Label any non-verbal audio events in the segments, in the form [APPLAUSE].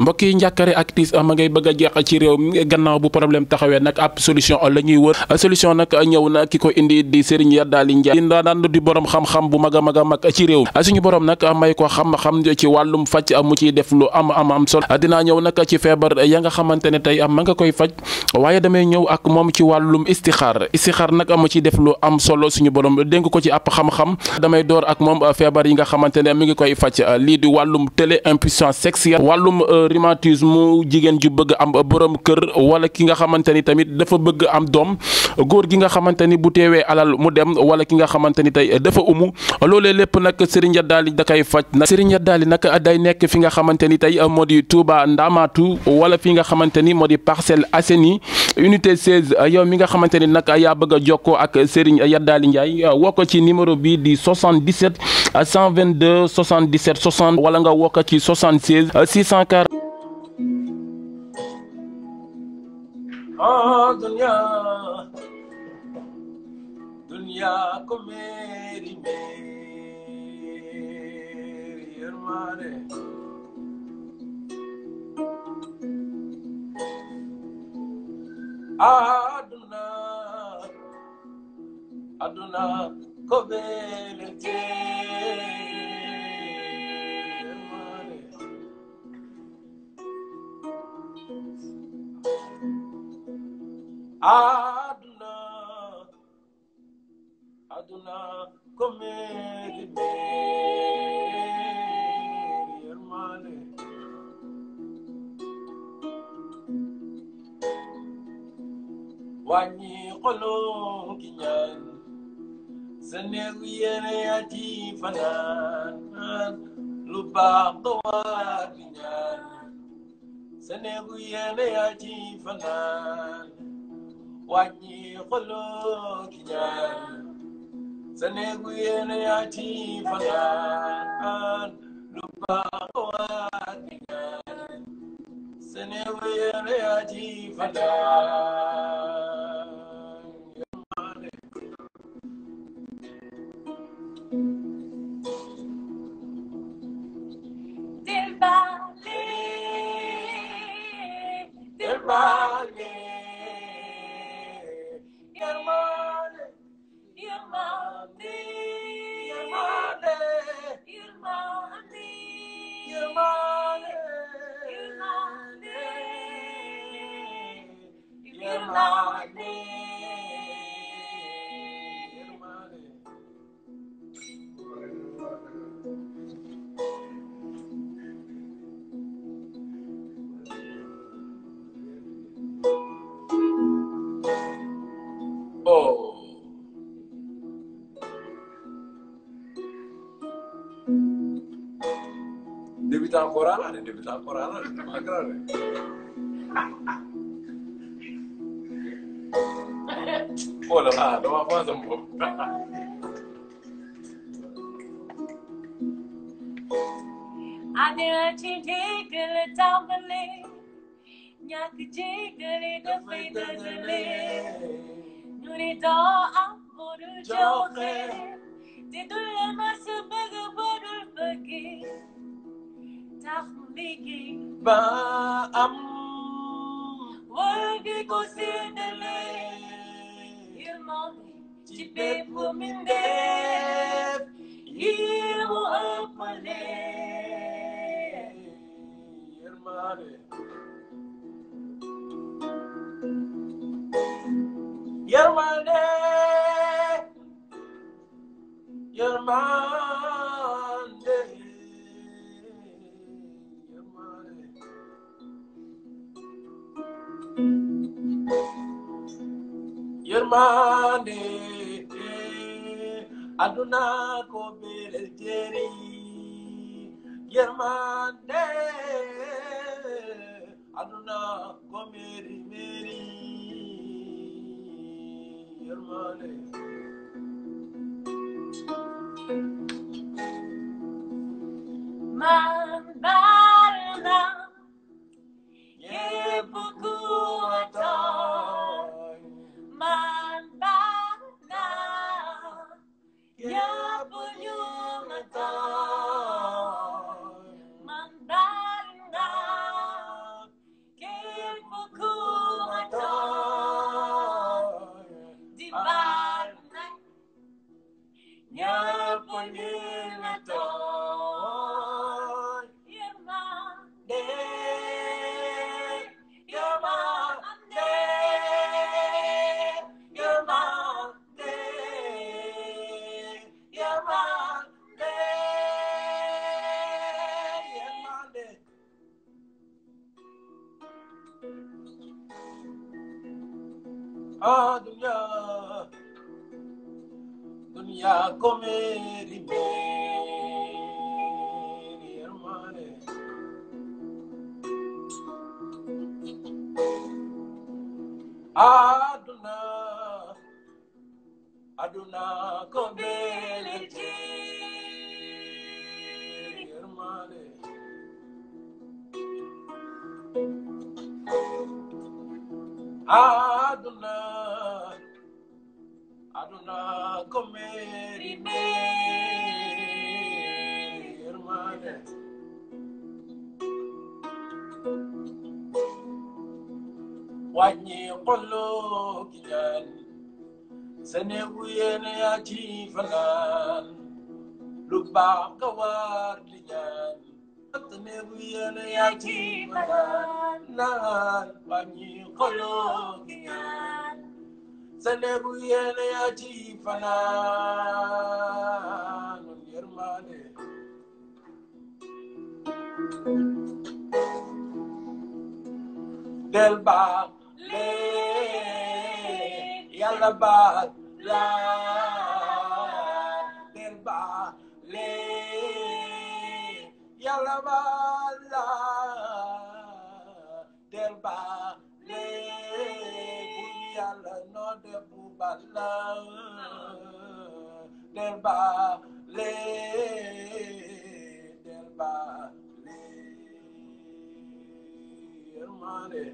mbokk yi njàkkare ak tiis ah, ma ngay bëgg a jeex ci réew mi gannaaw bu problème taxawee nag ab solution la ñuy wër ah, solution nag ñëw na ki ko indi di Serigne Yadaly Ndiaye di daan di borom xam-xam bu mag a mag a mag ci réew ah, suñu borom nag may ko xam-xam ci wàllum faj mu ciy def lu am am am solo dinaa ñëw nag a ci feebar ya nga xamante ne tey ma nga koy faj waaye damay ñëw ak moom ci wàllum istixaar istixaar nag mu ciy def lu am solo suñu borom dénk ko ci ab xam damay door ak moom feebar yi nga xamante ne mi ngi koy faj lii di wàllum télé impuissance sexuelle Euh, rhumatisme jigéen ju bëgg am borom kër wala ki nga xamante ni tamit dafa bëgg am doom góor gi nga xamante ni bu teewee alal mu dem wala ki nga xamante ni tey dafa umu loole lépp nag Serigne Yadaly da koy faj nag Serigne Yadaly nag day nekk fi nga xamante ni tey moo di Touba Ndamatu wala fi nga xamante ni moo di Parcelles Assainies unité 16 yow mi nga xamante ni nag yaa bëgg a jokkoo ak Serigne Yadaly Ndiaye woo ko ci numéro bi di 77 122 77 60 wala nga woo ko ci 76 640 दुनिया दुनिया को मेरी मेरी अरमाने अदुना अदुना को बेलते àdduna àdduna ko meeri meeri yërmande wàññi sa neegu yéene yaa ci fanaan lu baax nga waar sa neegu yéene yaa ci fanaan wàññi xoloo ki ñaan sa néegu yéene yaa ci fanaan lu baax waat bi ñaan sa néegu yéene yaa ci fanaan yamaane del baale del baale débutant Coran la de débutant Coran la c'est pas grave oh là là dama faa sama bopp ana ci jégal tàmbale ñàkk jégal dafay dajale ñu ni doo joxe te du la mas bëgg bu dul bëgg ndax liggéey ba am war di ko séddale yërmande ci bépp mbindeef ngir mu ëppale yërmande yërmande aduna ko beral jëriñ yërmande aduna हाँ दुनिया दुनिया को मेरी मेरी अरमान आदुना अदुना को मेरे तेरी अरमान आदुना Yalla komeri mermane wàññi xollu gi ñaan sa néegu yéene yaa ci fanaan lu baax ka di ñaan sa néegu yéene yaa ci fanaan naan wàññi xollu gi ñaan saleebu yéene yaa ci fanaan yërmaande del baal lee yàlla baal laa lee yàlla baal balla del baale del baale yërmande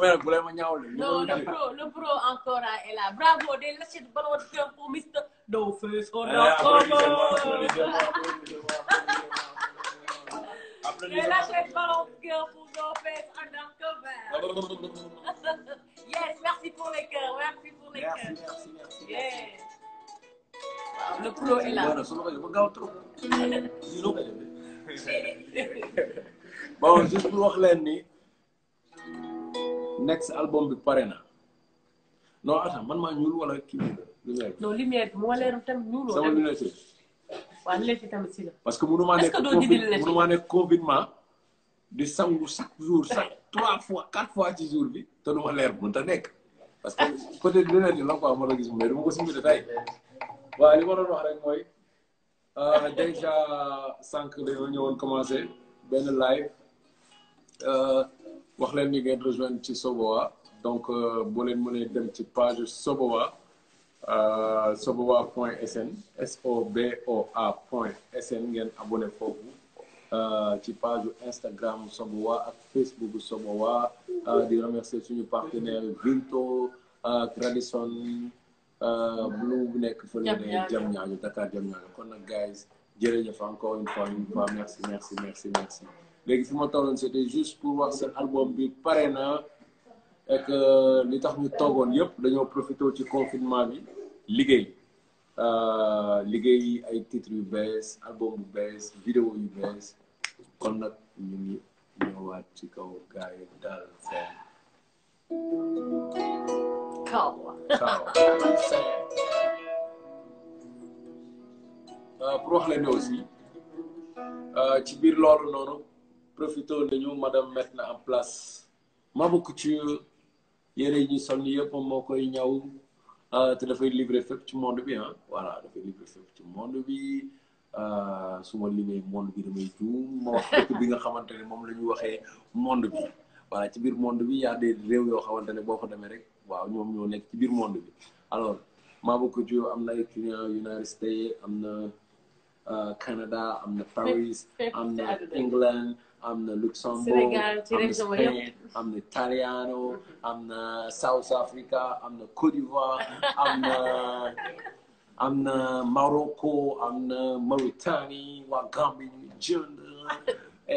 mais nag bu leen ma ñaawal de. non le pro le pro encore est là bravo de lâcher le ballon pour Mister No Face on a Après, les lâcher le ballon pour No Face undercover. yes merci pour les cœurs merci pour les cœurs. merci merci merci. Yeah. waaw le pro est là. [LAUGHS] [LAUGHS] bon juste pour wax leen ni. next album bi pare na non attends man maa ñuul wala kii lumière bi. non lumière bi moo leerum ñuuloo. sama lunette bi. waaw lunette tamit si la. parce que mënu maa nekk mënu maa nekk confinement di sangu chaque jour chaque trois fois quatre fois ci jour bi te du ma leer mënut ta nekk parce que peut être lunette yi la la gis mais dama ko simbi tay waaw li ma doon wax rek mooy euh, déjà sànq dañoo ñëwoon commencé benn live. Euh, wax leen ni ngeen rejoindre ci Soboa donc euh, boo leen mënee dem ci page Soboa euh, soboa point sn s b o a point sn ngeen abonné foofu euh, ci page Instagram Soboa ak Facebook Soboa di remercier suñu partenaire Vinto Radisson Blu bu nekk fële ne jam ñaañu Dakar jam ñaañu kon nag guys jërëjëf encore une fois une fois merci merci merci merci léegi fi ma tolloon c'était juste pour wax seen album bi pare na et que tax ñu toogoon yëpp dañoo profité ci confinement bi liggéey euh, liggéey ay titres yu bees album bu bees vidéo yu bees kon nag ñu ngi ñëwaat ci kaw gars daal seen kaw kaw euh, pour wax leen aussi euh, ci biir loolu noonu profité nañu madame mettre na en place Mabo Couture yére yi ñuy sol ni yëpp moo koy ñaw ah, te dafay livrer fépp ci monde bi ah voilà dafay livrer fépp ci monde bi ah, su limee monde bi damay juum ma wax dëkk bi nga xamante ne moom la ñu waxee monde bi voilà ci biir monde bi y a réew yoo xamante ne boo fa demee rek waaw ñoom ñoo nekk ci biir monde bi alors Mabo Couture am na ay clients United States am na ah, Canada am na Paris am na England am na Luxembourg am na na Italiano am South Africa am na Côte d'Ivoire am na am na Morocco am na Mauritanie waa Gambie ñu jënd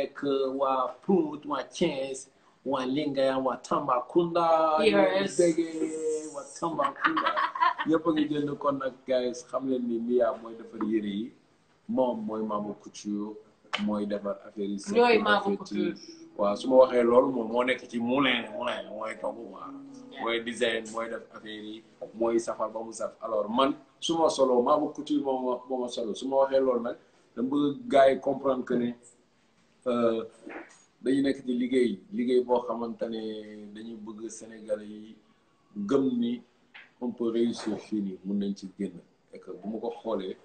ak [LAUGHS] waa Pout waa Thiès waa Lingaya waa Tambacounda ñoo dégg waa Tambacounda ñëpp [LAUGHS] a ngi jënd kon nag guys xam leen ni Mia mooy defar yére yi moom mooy defar affaire yi. ñooy maamu waaw su ma waxee loolu moom moo nekk ci moulin moulin mooy togg waaw. mooy design mooy def affaire yi mooy safar ba mu saf alors man su ma solo maamu couture moom ma moo ma solo su ma waxee loolu nag dama bëgg gars yi que ne euh, dañu nekk ci liggéey liggéey boo xamante ne dañu bëgg Sénégalais yi gëm ni on peut réussir fii nii mun nañ ci génn et que bu ma ko xoolee.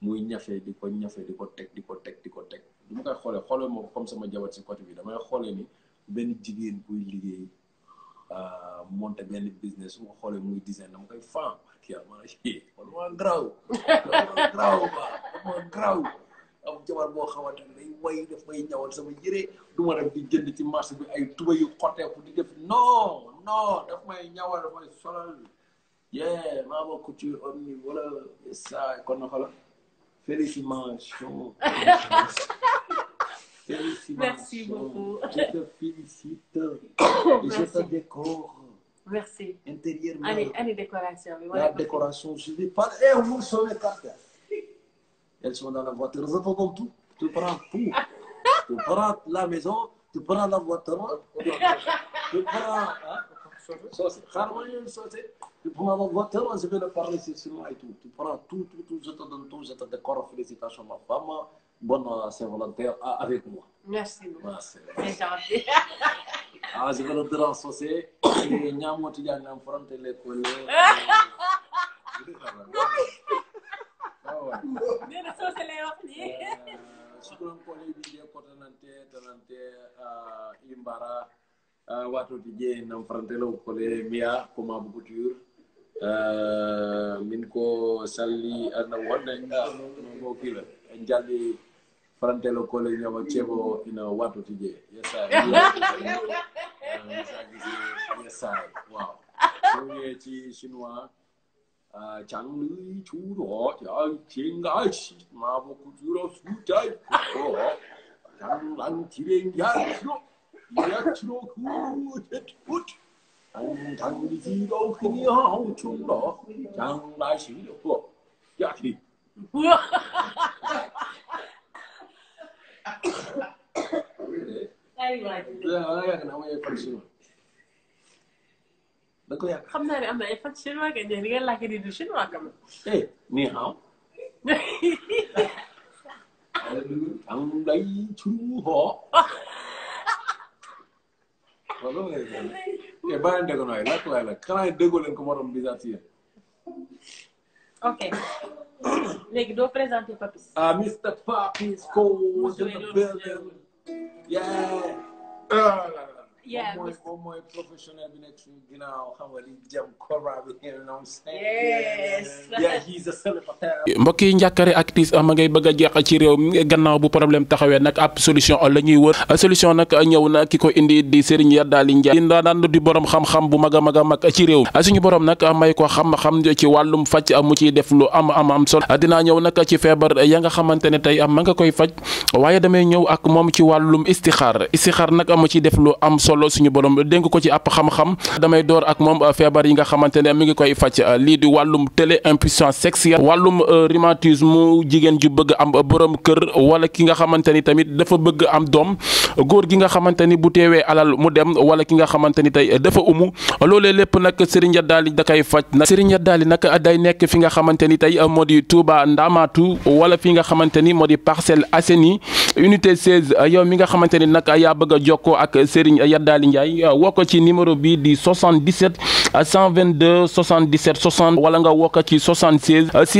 muy ñafe di ko ñafe di ko teg di ko teg di ko teg du ma koy xoolee xoolee moo comme sama jabar si côté bi damay xoolee ni benn jigéen buy liggéey euh, monté benn business su ma xoolee muy design dama koy fan kii am ma boo xamante ne day way daf may ñawal sama yére du jënd ci marché bi ay tuba yu xoteeku di def non daf may ñawal solal yee maa ma couture omni wala sa kon na xola Félicitations. [LAUGHS] Félicitations. Merci beaucoup. Je te félicite. Merci. [COUGHS] Je te décore. Merci. Intérieurement. Allez, allez, décoration. La décoration, je dis pas. Et vous sont les cartes. Elles sont dans la voiture. Je fais comme tout. Tu prends tout. tu prends la maison, tu prends la voiture. [LAUGHS] Tu prends. Hein? Sauce. Rarement il y a une sauce. Pendant l'envoiteur, je vais le parler, c'est cela Tu prends tout, tout, tout, je te donne tout, je te décore. Félicitations, ma femme. Bonne assez Merci beaucoup. Merci. C'est gentil. ah, je vais le dire en sauce. Et Niamo, tu dis, on affronte les collègues. Nee na sauce lay wax imbara. Euh, watotije nan farantelaw kole miya ko mabo couture euh, min ko salli ana wonda mo kila en jalli farantelo kole ñama ceebo ina watotije yesay [LAUGHS] euh, yesay waaw soñe ci chinois chẳng lưới chú đỏ chẳng chiến gái mà một chú đó chú trái chẳng lăng chỉ đến giá chú 약초로그 대토트 당당지로 그냥 충로 장라시로 야리 뭐야? xam naa ne am na ay fan chinois kay di ngeen làkk di du chinois quand même. eh ni hao. tàng lay chu hoo. waaw loolu ngay def te bàyyi dëgg nooy lakk laay lakk xanaa déggoo leen ko moo doon bisaat si yéen. ok léegi doo présenter Papis. ah Mr Papis. ko. yeah moom mooy moom mooy professionnel bi nekk suñu ginnaaw xam nga di jëm Cobra bi you know [LAUGHS] a ah, ma ngay bëgg a jeex ci réew mi gannaaw bu problème taxawee nag ab solution la ñuy wër solution nag ñëw na ki ko indi di Serigne Yadaly Ndiaye di daan di borom xam-xam bu mag a mag a mag ci réew mi suñu borom nag may ko xam-xam ci wàllum faj ah, mu ciy def lu am am am solo ah, dinaa ñëw nag a ci feebar ya nga xamante ne tey ma nga koy faj waaye damay ñëw ak moom ci wàllum istixaar istixaar nag mu ciy lool suñu borom dénk ko ci àpp xam-xam damay door ak moom euh, feebar yi nga xamante ne mi ngi koy faj euh, lii di wàllum télé impuissance sexuelle wàllum euh, rhumatisme jigéen ju bëgg am borom kër wala ki nga xamante ni tamit dafa bëgg am doom góor gi nga xamante ni bu teewee alal mu dem wala ki nga xamante ni tey dafa umu loolee lépp nag Serigne Yadaali da koy faj nag Serigne Yadaali nag day nekk fi nga xamante ni tey moo di Touba ndaamaatu wala fi nga xamante ni moo di Parcelles Assainies unité 16 yow mi nga xamante ni nag yaa bëgg a ak Serigne Cheikh Daly Ndiaye woo ko ci numéro bi di 77 122 77 60 wala nga woo ko ci